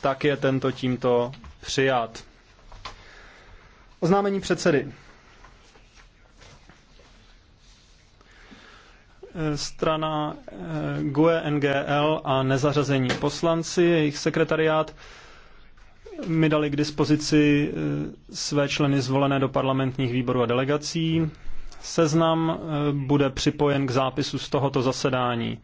tak je tento tímto přijat. Oznámení předsedy. Eh, strana eh, GUE NGL a nezařazení poslanci, jejich sekretariát mi dali k dispozici eh, své členy zvolené do parlamentních výborů a delegací. Seznam bude připojen k zápisu z tohoto zasedání.